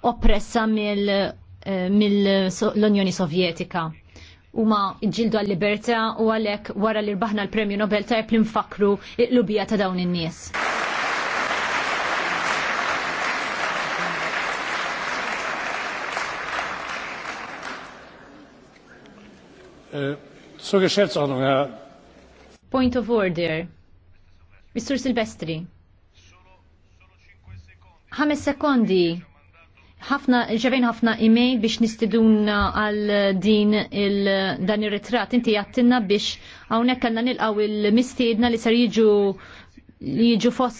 oppressa mill-Unjoni eh, Sovjetika. ma ġildu għall-libertà u għalhekk wara li rbaħna l-Premju Nobel ta' li nfakru l-lubija ta' dawn in-nies. Eh, so Point of order. Mr. Silvestri. Ħames sekondi ħafna, ġevejn ħafna email biex nistiduna għal din il, dan ir-ritrat. Inti jattinna biex hawnhekk għandna nilqgħu il-mistiedna li ser jiġu li jiġu fost